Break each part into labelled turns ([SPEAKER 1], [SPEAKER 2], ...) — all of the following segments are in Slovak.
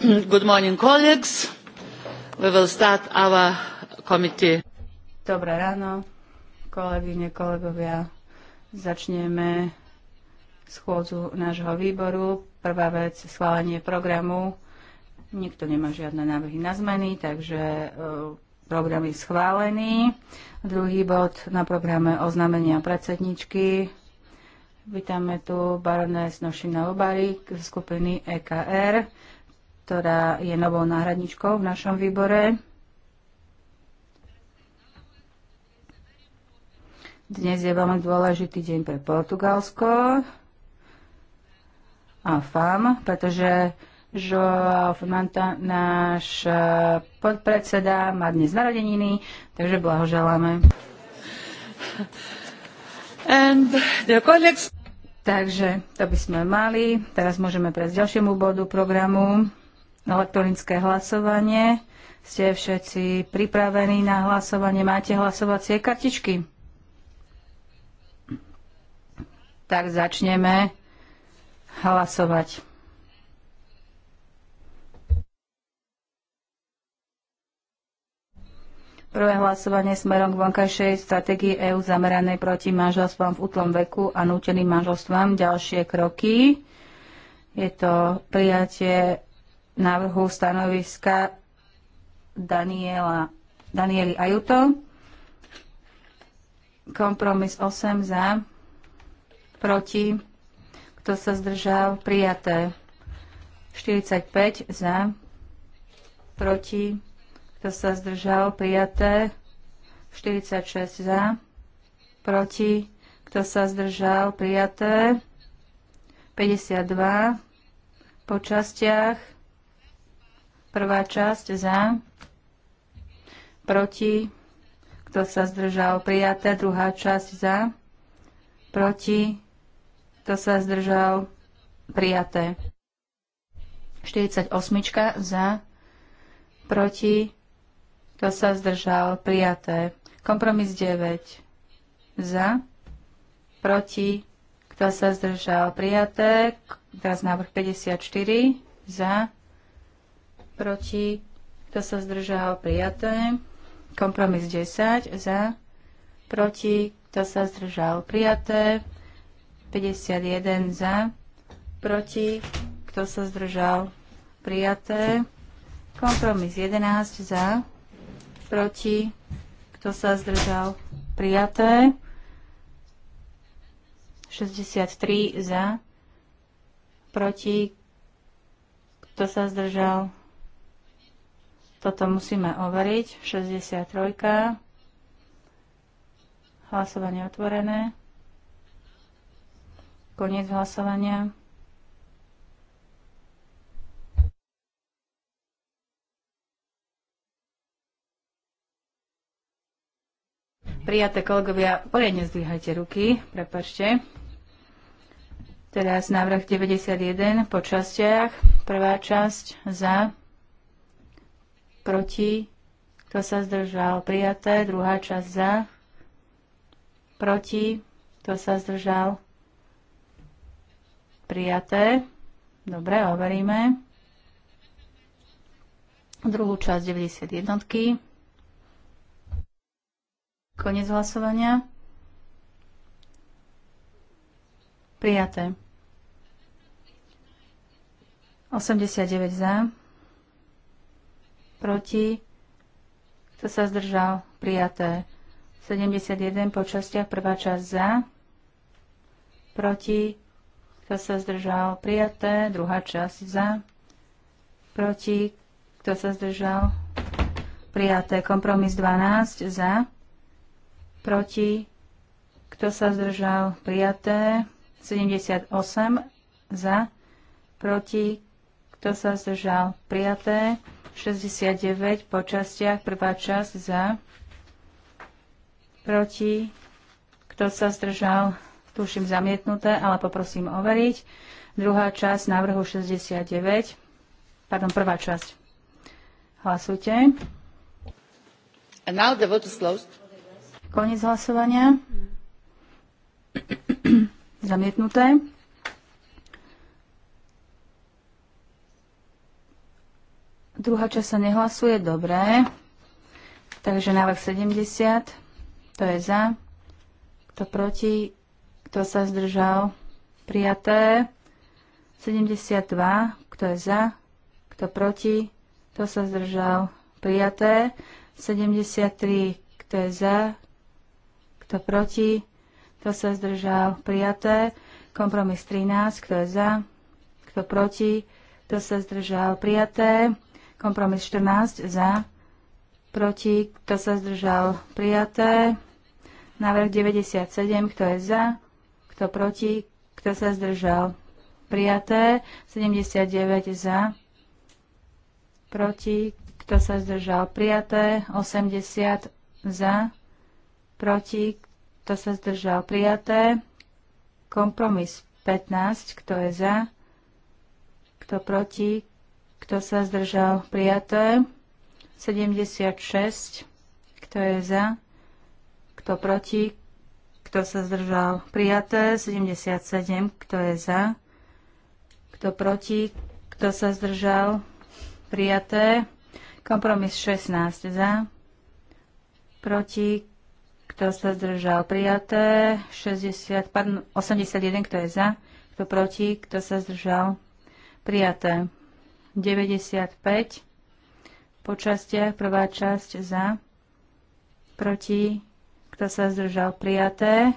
[SPEAKER 1] Dobré ráno, kolegyne, kolegovia. Začneme schôdzu nášho výboru. Prvá vec, schválenie programu. Nikto nemá žiadne návrhy na zmeny, takže e, program je schválený. Druhý bod na programe oznámenia predsedničky. Vítame tu baroness Nošina Obary z skupiny EKR ktorá je novou náhradničkou v našom výbore. Dnes je veľmi dôležitý deň pre Portugalsko a FAM, pretože Joao Fimanta, náš eh, podpredseda, má dnes narodeniny, takže blahoželáme. And colleagues... Takže to by sme mali. Teraz môžeme prejsť ďalšiemu bodu programu elektronické hlasovanie. Ste všetci pripravení na hlasovanie? Máte hlasovacie kartičky? Tak začneme hlasovať. Prvé hlasovanie smerom k vonkajšej stratégii EÚ zameranej proti manželstvám v útlom veku a núteným manželstvám. Ďalšie kroky. Je to prijatie návrhu stanoviska Daniela, Danieli Ajuto. Kompromis 8 za, proti, kto sa zdržal, prijaté. 45 za, proti, kto sa zdržal, prijaté. 46 za, proti, kto sa zdržal, prijaté. 52 po častiach Prvá časť za, proti, kto sa zdržal prijaté, druhá časť za, proti, kto sa zdržal prijaté. 48 za, proti, kto sa zdržal prijaté. Kompromis 9 za, proti, kto sa zdržal prijaté. Teraz návrh 54 za, proti, kto sa zdržal, prijaté. Kompromis 10 za, proti, kto sa zdržal, prijaté. 51 za, proti, kto sa zdržal, prijaté. Kompromis 11 za, proti, kto sa zdržal, prijaté. 63 za, proti, kto sa zdržal, toto musíme overiť. 63. Hlasovanie otvorené. Koniec hlasovania. Prijaté kolegovia, poriadne zdvíhajte ruky, prepačte. Teraz návrh 91 po častiach. Prvá časť za, proti, kto sa zdržal, prijaté, druhá časť za, proti, kto sa zdržal, prijaté. Dobre, overíme. Druhú časť 91. jednotky. Konec hlasovania. Prijaté. 89 za proti, kto sa zdržal, prijaté. 71 po častiach, prvá časť za, proti, kto sa zdržal, prijaté, druhá časť za, proti, kto sa zdržal, prijaté. Kompromis 12 za, proti, kto sa zdržal, prijaté. 78 za, proti, kto sa zdržal, prijaté. 69 po častiach, prvá časť za, proti, kto sa zdržal, tuším zamietnuté, ale poprosím overiť. Druhá časť návrhu 69, pardon, prvá časť. Hlasujte. And now the vote is closed. Koniec hlasovania. Zamietnuté. Druhá časť sa nehlasuje, dobré. Takže návrh 70, to je za. Kto proti, kto sa zdržal, prijaté. 72, kto je za, kto proti, kto sa zdržal, prijaté. 73, kto je za, kto proti, kto sa zdržal, prijaté. Kompromis 13, kto je za, kto proti, kto sa zdržal, prijaté. Kompromis 14 za, proti, kto sa zdržal, prijaté. Návrh 97, kto je za, kto proti, kto sa zdržal, prijaté. 79 za, proti, kto sa zdržal, prijaté. 80 za, proti, kto sa zdržal, prijaté. Kompromis 15, kto je za, kto proti, kto sa zdržal? Prijaté. 76. Kto je za? Kto proti? Kto sa zdržal? Prijaté. 77. Kto je za? Kto proti? Kto sa zdržal? Prijaté. Kompromis 16 za. Proti. Kto sa zdržal? Prijaté. 60, pardon, 81. Kto je za? Kto proti? Kto sa zdržal? Prijaté. 95 po častiach. Prvá časť za, proti, kto sa zdržal prijaté.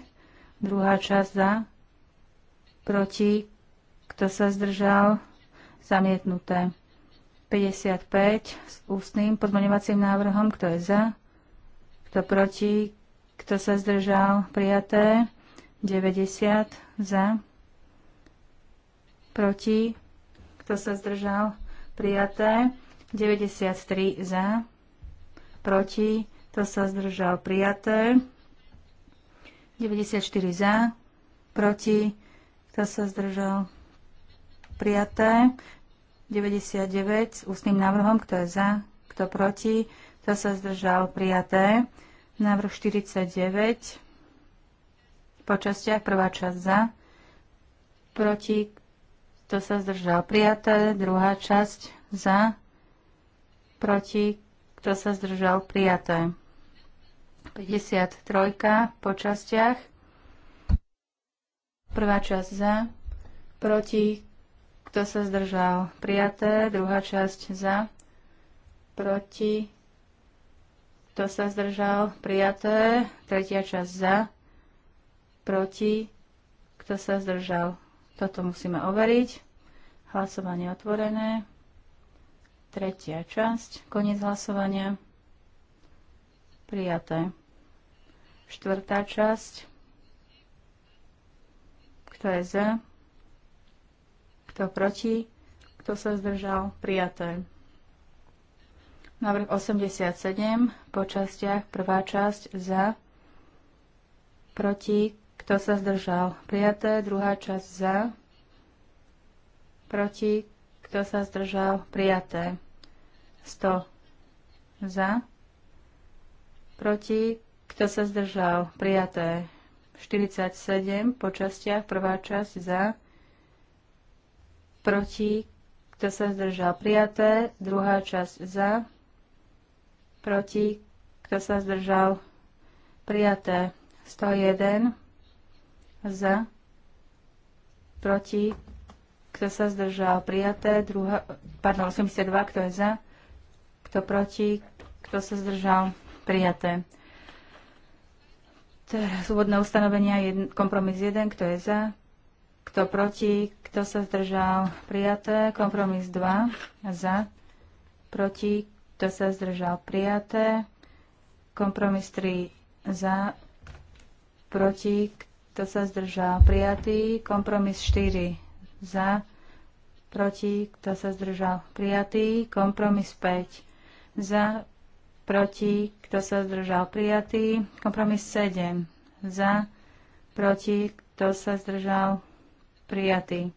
[SPEAKER 1] Druhá časť za, proti, kto sa zdržal zamietnuté. 55 s ústnym pozmeňovacím návrhom, kto je za, kto proti, kto sa zdržal prijaté. 90 za, proti, kto sa zdržal prijaté. 93 za, proti, to sa zdržal prijaté. 94 za, proti, to sa zdržal prijaté. 99 s ústnym návrhom, kto je za, kto proti, to sa zdržal prijaté. Návrh 49 po častiach, prvá časť za, proti, kto sa zdržal? Prijaté. Druhá časť za. Proti. Kto sa zdržal? Prijaté. 53 po častiach. Prvá časť za. Proti. Kto sa zdržal? Prijaté. Druhá časť za. Proti. Kto sa zdržal? Prijaté. Tretia časť za. Proti. Kto sa zdržal? Toto musíme overiť. Hlasovanie otvorené. Tretia časť. Koniec hlasovania. Prijaté. Štvrtá časť. Kto je za? Kto proti? Kto sa zdržal? Prijaté. Návrh 87 po častiach. Prvá časť za, proti, kto sa zdržal. Prijaté. Druhá časť za, proti, kto sa zdržal, prijaté. 100 za, proti, kto sa zdržal, prijaté. 47 po častiach, prvá časť za, proti, kto sa zdržal, prijaté. Druhá časť za, proti, kto sa zdržal, prijaté. 101 za, proti, kto sa zdržal? Prijaté. Druhá, pardon, 82. Kto je za? Kto proti? Kto sa zdržal? Prijaté. Teraz úvodné ustanovenia, jedn, kompromis 1. Kto je za? Kto proti? Kto sa zdržal? Prijaté. Kompromis 2. Za. Proti. Kto sa zdržal? Prijaté. Kompromis 3. Za. Proti. Kto sa zdržal? Prijatý. Kompromis 4 za, proti, kto sa zdržal, prijatý. Kompromis 5 za, proti, kto sa zdržal, prijatý. Kompromis 7 za, proti, kto sa zdržal, prijatý.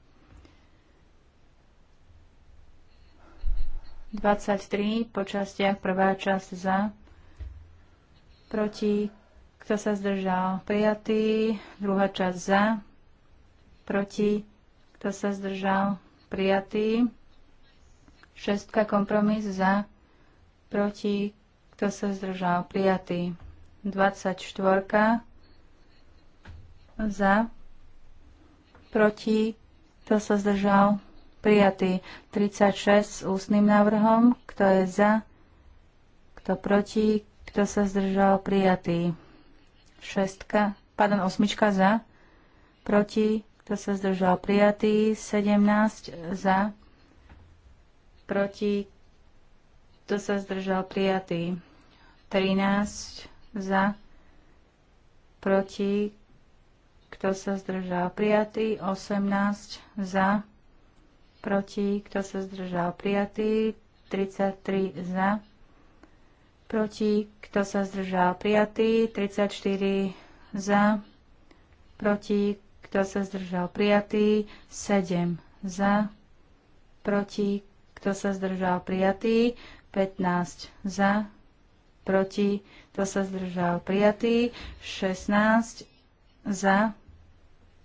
[SPEAKER 1] 23 po častiach, prvá časť za, proti, kto sa zdržal, prijatý, druhá časť za, proti, kto sa zdržal? Prijatý. Šestka kompromis za. Proti. Kto sa zdržal? Prijatý. 24 za. Proti. Kto sa zdržal? Prijatý. 36 s ústnym návrhom. Kto je za? Kto proti? Kto sa zdržal? Prijatý. Šestka. Pardon, osmička za. Proti kto sa zdržal? Prijatý. 17 za. Proti. Kto sa zdržal? Prijatý. 13 za. Proti. Kto sa zdržal? Prijatý. 18 za. Proti. Kto sa zdržal? Prijatý. 33 za. Proti. Kto sa zdržal? Prijatý. 34 za. Proti. Kto sa zdržal? Prijatý. 7 za. Proti. Kto sa zdržal? Prijatý. 15 za. Proti. Kto sa zdržal? Prijatý. 16 za.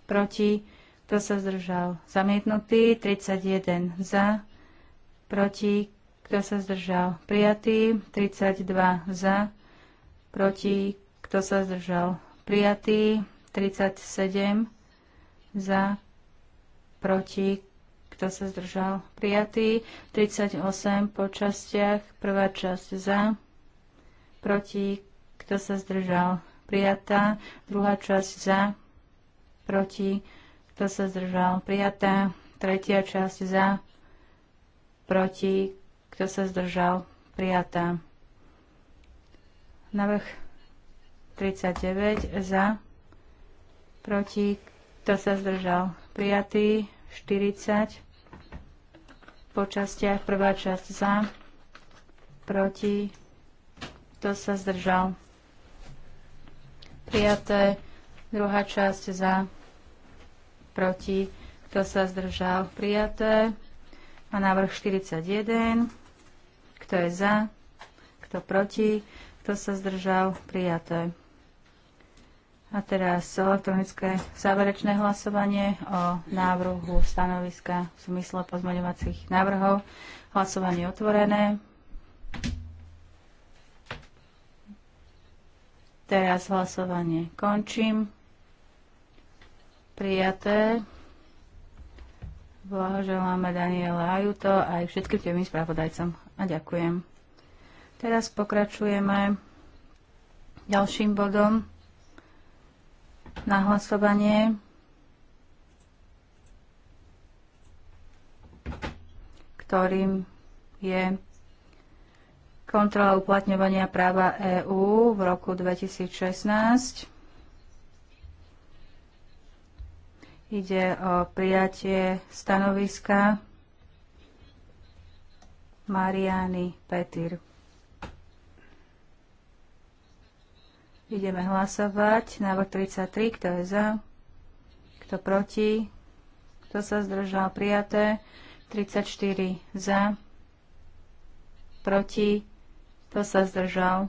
[SPEAKER 1] Proti. Kto sa zdržal? Zamietnutý. 31 za. Proti. Kto sa zdržal? Prijatý. 32 za. Proti. Kto sa zdržal? Prijatý. 37 za, proti, kto sa zdržal, prijatý. 38 po častiach, prvá časť za, proti, kto sa zdržal, prijatá. Druhá časť za, proti, kto sa zdržal, prijatá. Tretia časť za, proti, kto sa zdržal, prijatá. Navrh 39 za, proti, kto sa zdržal? Prijatý. 40. Po častiach prvá časť za. Proti. Kto sa zdržal? Prijaté. Druhá časť za. Proti. Kto sa zdržal? Prijaté. A návrh 41. Kto je za? Kto proti? Kto sa zdržal? Prijaté. A teraz elektronické záverečné hlasovanie o návrhu stanoviska v zmysle pozmeňovacích návrhov. Hlasovanie otvorené. Teraz hlasovanie končím. Prijaté. Blahoželáme Daniela Ajuto a aj všetkým tým spravodajcom. A ďakujem. Teraz pokračujeme ďalším bodom na hlasovanie. ktorým je kontrola uplatňovania práva EÚ v roku 2016. Ide o prijatie stanoviska Mariany Petir. Ideme hlasovať. Návrh 33, kto je za? Kto proti? Kto sa zdržal? Prijaté. 34 za. Proti. Kto sa zdržal?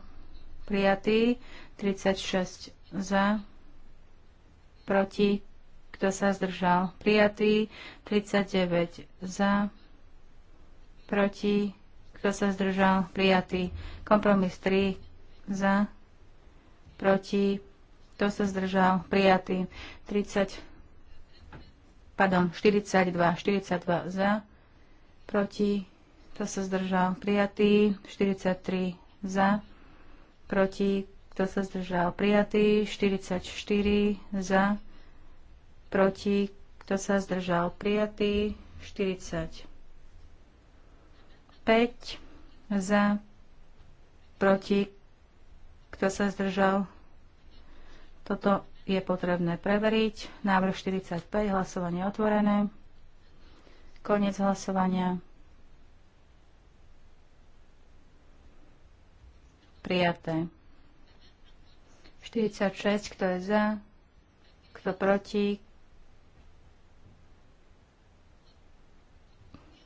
[SPEAKER 1] Prijatý. 36 za. Proti. Kto sa zdržal? Prijatý. 39 za. Proti. Kto sa zdržal? Prijatý. Kompromis 3 za proti, kto sa zdržal, prijatý. 30, pardon, 42, 42 za, proti, to sa zdržal, prijatý. 43 za, proti, kto sa zdržal, prijatý. 44 za, proti, kto sa zdržal, prijatý. 45 za, proti, kto sa zdržal? Toto je potrebné preveriť. Návrh 45, hlasovanie otvorené. Konec hlasovania. Prijaté. 46, kto je za? Kto proti?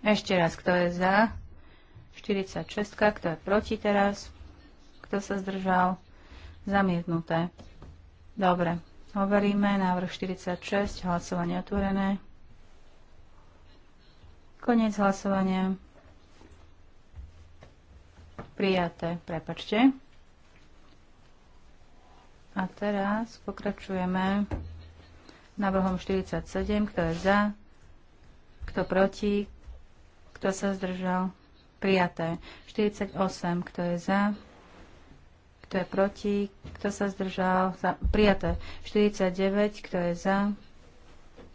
[SPEAKER 1] Ešte raz, kto je za? 46, kto je proti teraz? Kto sa zdržal? Zamietnuté. Dobre. hovoríme návrh 46. Hlasovanie otvorené. Konec hlasovania. Prijaté. Prepačte. A teraz pokračujeme návrhom 47. Kto je za? Kto proti? Kto sa zdržal? Prijaté. 48. Kto je za? Kto je proti? Kto sa zdržal? Za, prijaté. 49. Kto je za?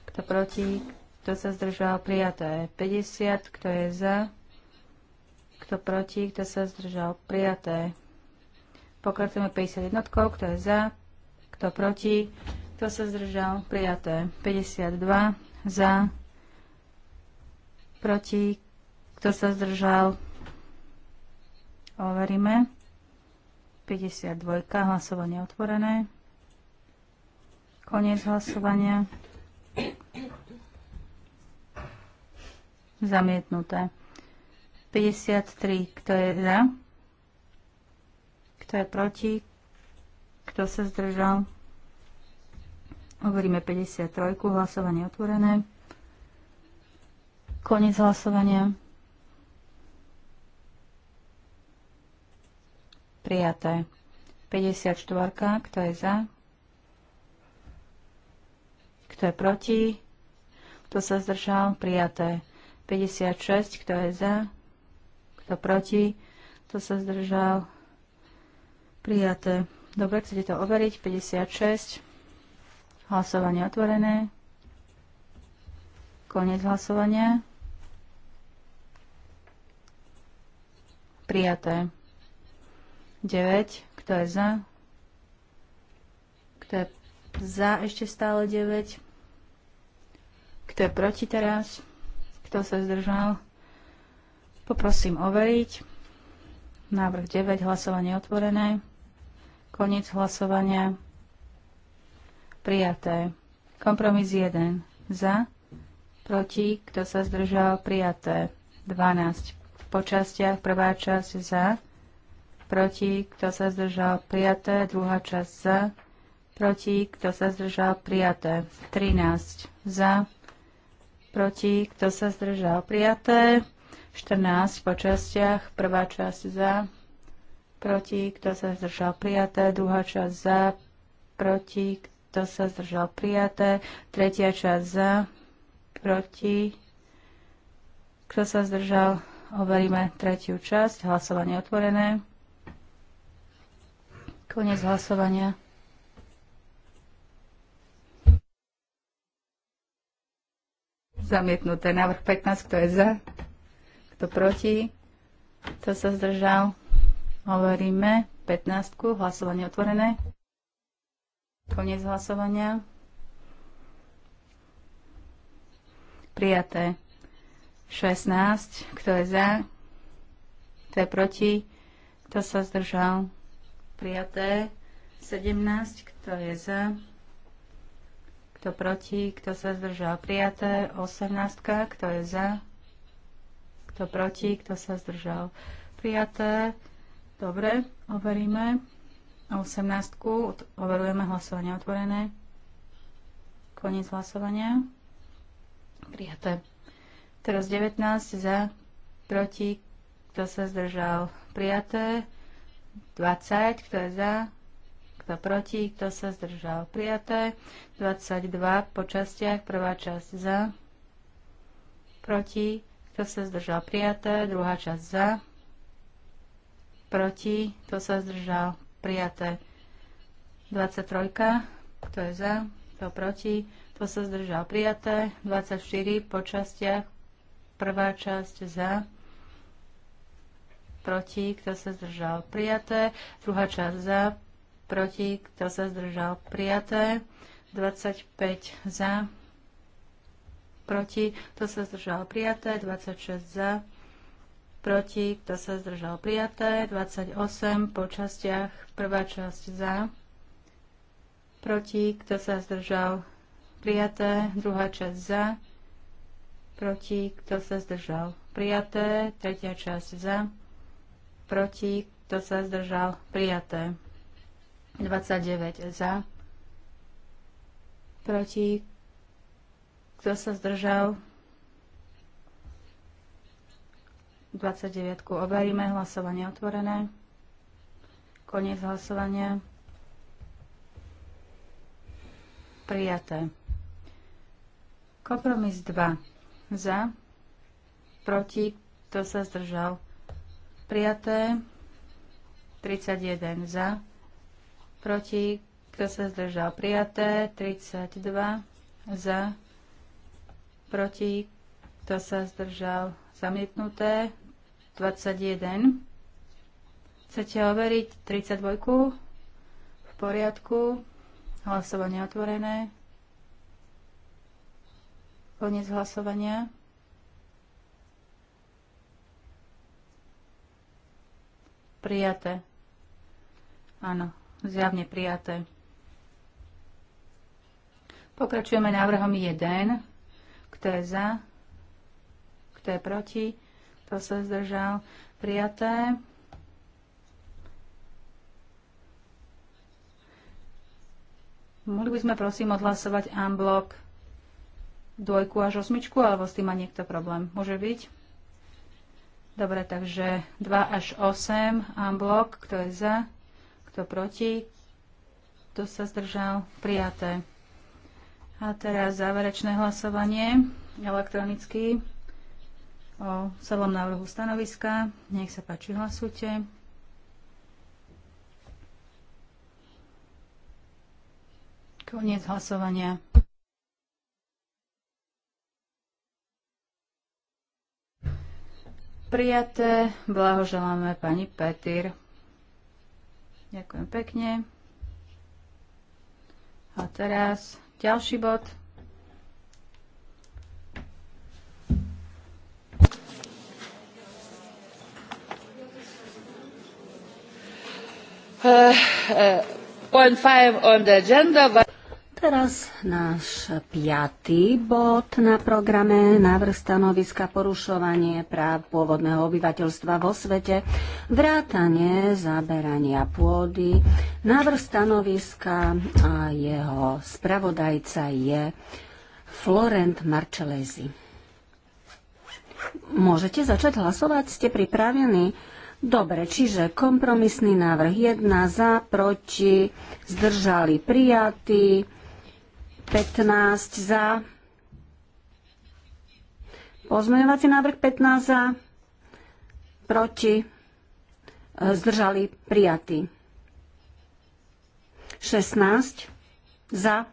[SPEAKER 1] Kto proti? Kto sa zdržal? Prijaté. 50. Kto je za? Kto proti? Kto sa zdržal? Prijaté. Pokračujeme 51. Kto je za? Kto proti? Kto sa zdržal? Prijaté. 52. Za? Proti? Kto sa zdržal? Overíme. 52. Hlasovanie otvorené. Koniec hlasovania. Zamietnuté. 53. Kto je za? Kto je proti? Kto sa zdržal? Hovoríme 53. Hlasovanie otvorené. Koniec hlasovania. Prijaté. 54. Kto je za? Kto je proti? Kto sa zdržal? Prijaté. 56. Kto je za? Kto proti? Kto sa zdržal? Prijaté. Dobre, chcete to overiť? 56. Hlasovanie otvorené. Konec hlasovania. Prijaté. 9. Kto je za? Kto je za ešte stále 9? Kto je proti teraz? Kto sa zdržal? Poprosím overiť. Návrh 9, hlasovanie otvorené. Koniec hlasovania. Prijaté. Kompromis 1. Za. Proti. Kto sa zdržal? Prijaté. 12. Po častiach. Prvá časť za proti, kto sa zdržal prijaté, druhá časť za, proti, kto sa zdržal prijaté, 13 za, proti, kto sa zdržal prijaté, 14 po častiach, prvá časť za, proti, kto sa zdržal prijaté, druhá časť za, proti, kto sa zdržal prijaté, tretia časť za, proti, kto sa zdržal, overíme tretiu časť, hlasovanie otvorené. Konec hlasovania. Zamietnuté. Návrh 15. Kto je za? Kto proti? Kto sa zdržal? Hovoríme. 15. Hlasovanie otvorené. Konec hlasovania. Prijaté. 16. Kto je za? Kto je proti? Kto sa zdržal? prijaté. 17, kto je za, kto proti, kto sa zdržal, prijaté. 18, kto je za, kto proti, kto sa zdržal, prijaté. Dobre, overíme. 18, overujeme hlasovanie otvorené. Koniec hlasovania. Prijaté. Teraz 19 za, proti, kto sa zdržal, prijaté. 20, kto je za, kto proti, kto sa zdržal. Prijaté 22 po častiach, prvá časť za, proti, kto sa zdržal. Prijaté, druhá časť za, proti, kto sa zdržal. Prijaté 23, kto je za, kto proti, kto sa zdržal. Prijaté 24 po častiach, prvá časť za, proti, kto sa zdržal, prijaté. Druhá časť za, proti, kto sa zdržal, prijaté. 25 za, proti, kto sa zdržal, prijaté. 26 za, proti, kto sa zdržal, prijaté. 28 po častiach, prvá časť za, proti, kto sa zdržal, prijaté. Druhá časť za, proti, kto sa zdržal, prijaté. Tretia časť za, proti, kto sa zdržal, prijaté. 29 za, proti, kto sa zdržal, 29 overíme, hlasovanie otvorené, koniec hlasovania, prijaté. Kompromis 2 za, proti, kto sa zdržal, prijaté. Prijaté. 31 za. Proti. Kto sa zdržal? Prijaté. 32 za. Proti. Kto sa zdržal? Zamietnuté. 21. Chcete overiť 32? V poriadku. Hlasovanie otvorené. Koniec hlasovania. Prijaté. Áno, zjavne prijaté. Pokračujeme návrhom 1. Kto je za? Kto je proti? Kto sa zdržal? Prijaté. Mohli by sme prosím odhlasovať unblock dvojku až osmičku, alebo s tým má niekto problém. Môže byť? Dobre, takže 2 až 8 blok, kto je za, kto proti, kto sa zdržal, prijaté. A teraz záverečné hlasovanie elektronicky o celom návrhu stanoviska. Nech sa páči, hlasujte. Koniec hlasovania. Prijaté. Blahoželáme pani Petir. Ďakujem pekne. A teraz ďalší bod. Uh, uh, point five on the agenda. But
[SPEAKER 2] teraz náš piatý bod na programe, návrh stanoviska porušovanie práv pôvodného obyvateľstva vo svete, vrátanie zaberania pôdy. Návrh stanoviska a jeho spravodajca je Florent Marcellesi. Môžete začať hlasovať, ste pripravení? Dobre, čiže kompromisný návrh 1 za, proti, zdržali prijatý. 15 za. Pozmeňovací návrh 15 za. Proti. Zdržali prijatý. 16 za.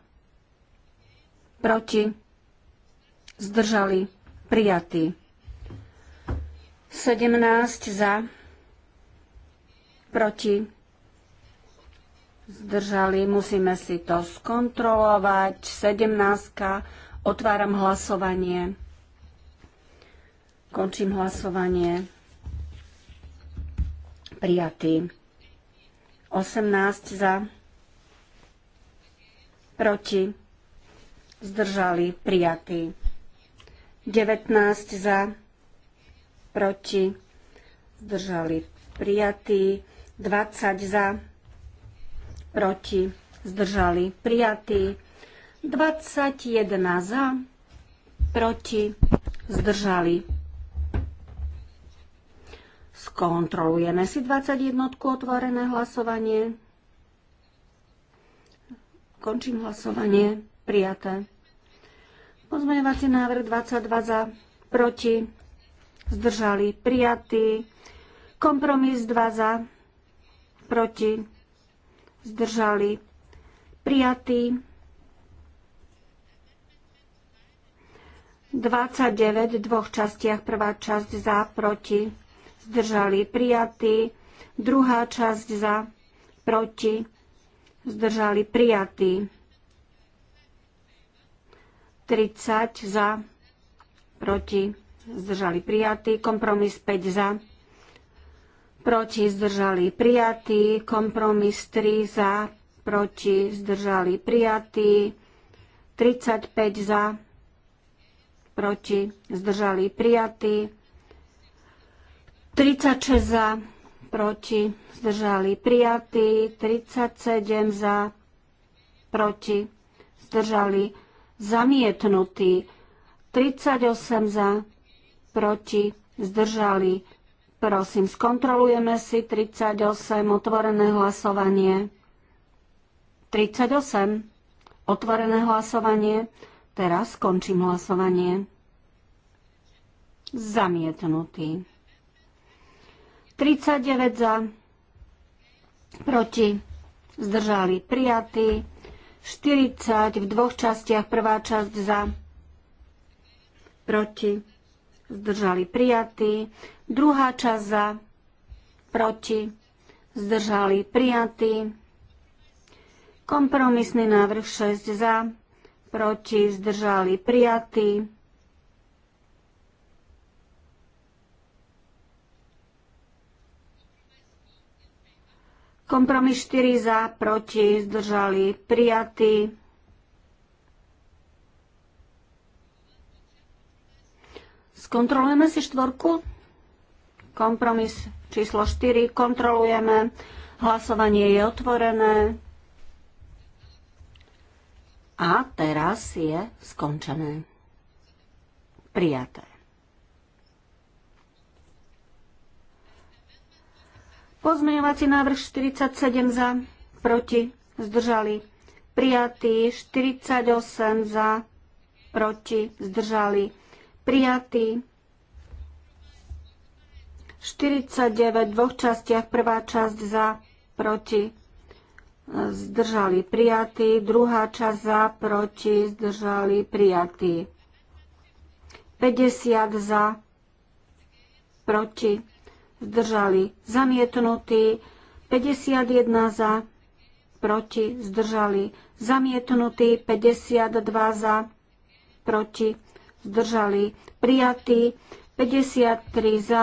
[SPEAKER 2] Proti. Zdržali prijatý. 17 za. Proti zdržali, musíme si to skontrolovať. 17. Otváram hlasovanie. Končím hlasovanie. Prijatý. 18 za. Proti. Zdržali. Prijatý. 19 za. Proti. Zdržali. Prijatý. 20 za proti, zdržali prijatý. 21 za, proti, zdržali. Skontrolujeme si 21 otvorené hlasovanie. Končím hlasovanie. Prijaté. Pozmeňovací návrh 22 za, proti, zdržali, prijatý. Kompromis 2 za, proti, zdržali, prijatí. 29 v dvoch častiach, prvá časť za, proti, zdržali, prijatí, Druhá časť za, proti, zdržali, prijatí. 30 za, proti, zdržali prijatí, kompromis 5 za, proti zdržali prijatý, kompromis 3 za, proti zdržali prijatý, 35 za, proti zdržali prijatý, 36 za, proti zdržali prijatý, 37 za, proti zdržali zamietnutý, 38 za, proti zdržali prijatý Prosím, skontrolujeme si 38, otvorené hlasovanie. 38, otvorené hlasovanie. Teraz skončím hlasovanie. Zamietnutý. 39 za, proti, zdržali prijatí. 40 v dvoch častiach, prvá časť za, proti, zdržali prijatí, druhá časť za, proti, zdržali prijatí, kompromisný návrh 6 za, proti, zdržali prijatí, kompromis 4 za, proti, zdržali prijatí, Skontrolujeme si štvorku. Kompromis číslo 4. Kontrolujeme. Hlasovanie je otvorené. A teraz je skončené. Prijaté. Pozmeňovací návrh 47 za, proti, zdržali. Prijatý 48 za, proti, zdržali prijatý. 49 v dvoch častiach, prvá časť za, proti, zdržali prijatý, druhá časť za, proti, zdržali prijatý. 50 za, proti, zdržali zamietnutý, 51 za, proti, zdržali zamietnutý, 52 za, proti, zdržali prijatí, 53 za,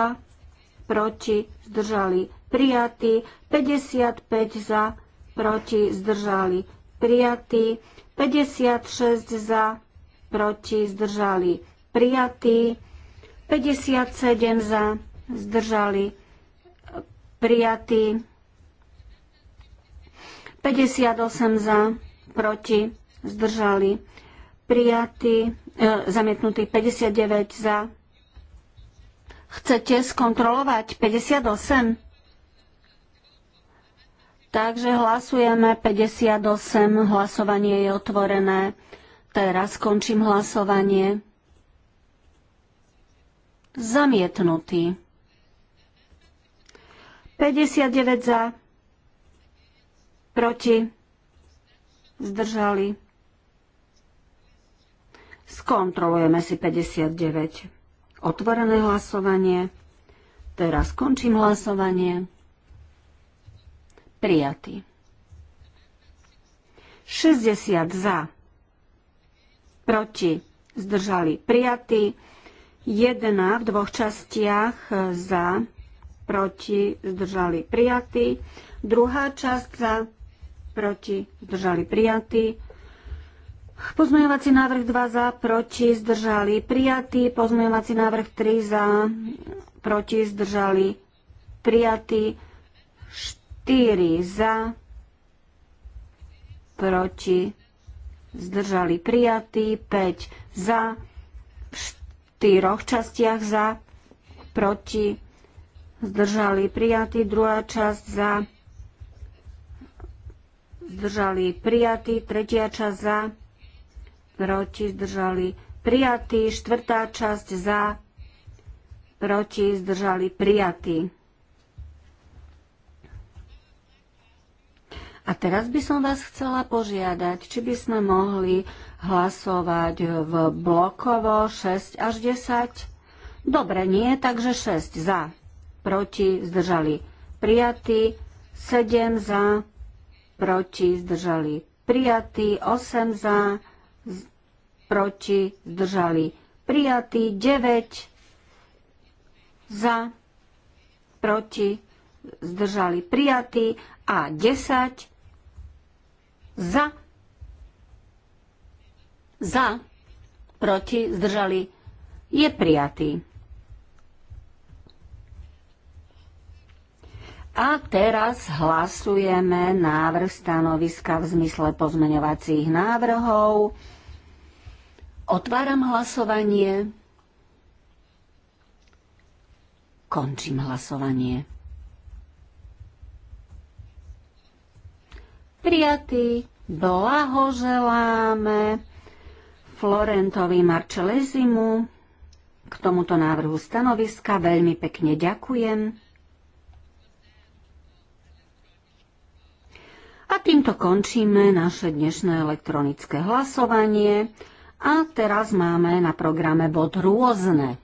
[SPEAKER 2] proti, zdržali prijatí, 55 za, proti, zdržali prijatí, 56 za, proti, zdržali prijatí, 57 za, zdržali prijatí, 58 za, proti, zdržali prijatí, prijatý, e, zamietnutý 59 za. Chcete skontrolovať 58? Takže hlasujeme 58, hlasovanie je otvorené. Teraz končím hlasovanie. Zamietnutý. 59 za, proti, zdržali Skontrolujeme si 59. Otvorené hlasovanie. Teraz končím hlasovanie. Prijatý. 60 za. Proti. Zdržali. Prijatý. 1 v dvoch častiach za. Proti. Zdržali. Prijatý. Druhá časť za. Proti. Zdržali. Prijatý. Pozmeňovací návrh 2 za, proti, zdržali, prijatý. Pozmeňovací návrh 3 za, proti, zdržali, prijatý. 4 za, proti, zdržali, prijatý. 5 za, v štyroch častiach za, proti, zdržali, prijatý. Druhá časť za, zdržali, prijatý. Tretia časť za, proti, zdržali prijatý, štvrtá časť za, proti, zdržali prijatí. A teraz by som vás chcela požiadať, či by sme mohli hlasovať v blokovo 6 až 10. Dobre, nie, takže 6 za, proti, zdržali prijatý, 7 za, proti, zdržali prijatí, 8 za, proti, zdržali prijatý, 9 za, proti, zdržali prijatý a 10 za, za, proti, zdržali je prijatý. A teraz hlasujeme návrh stanoviska v zmysle pozmeňovacích návrhov. Otváram hlasovanie. Končím hlasovanie. Prijatý, blahoželáme Florentovi Marčelezimu. K tomuto návrhu stanoviska veľmi pekne ďakujem. A týmto končíme naše dnešné elektronické hlasovanie. A teraz máme na programe bod rôzne.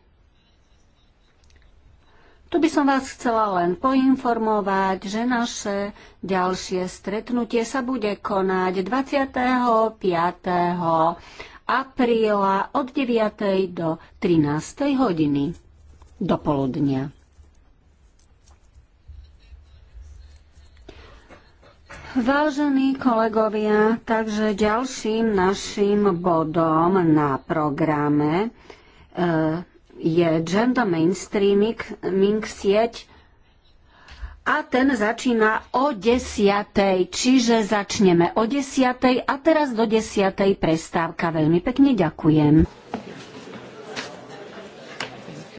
[SPEAKER 2] Tu by som vás chcela len poinformovať, že naše ďalšie stretnutie sa bude konať 25 apríla od 9. do 13. hodiny do poludnia. Vážení kolegovia, takže ďalším našim bodom na programe eh, je gender mainstreaming sieť a ten začína o desiatej, čiže začneme o desiatej a teraz do desiatej prestávka. Veľmi pekne ďakujem.